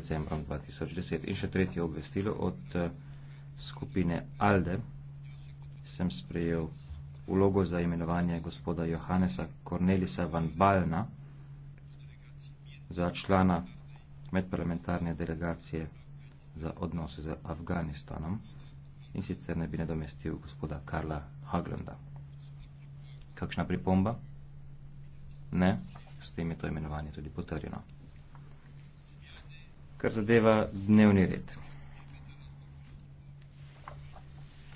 decembrom 2010. In še tretje obvestilo od eh, skupine ALDE. Sem sprejel ulogo za imenovanje gospoda Johannesa Cornelisa van Balna za člana medparlamentarne delegacije za odnose z Afganistanom in sicer ne bi nadomestil gospoda Karla Haglanda. Kakšna pripomba? Ne, s tem je to imenovanje tudi potrjeno kar zadeva dnevni red.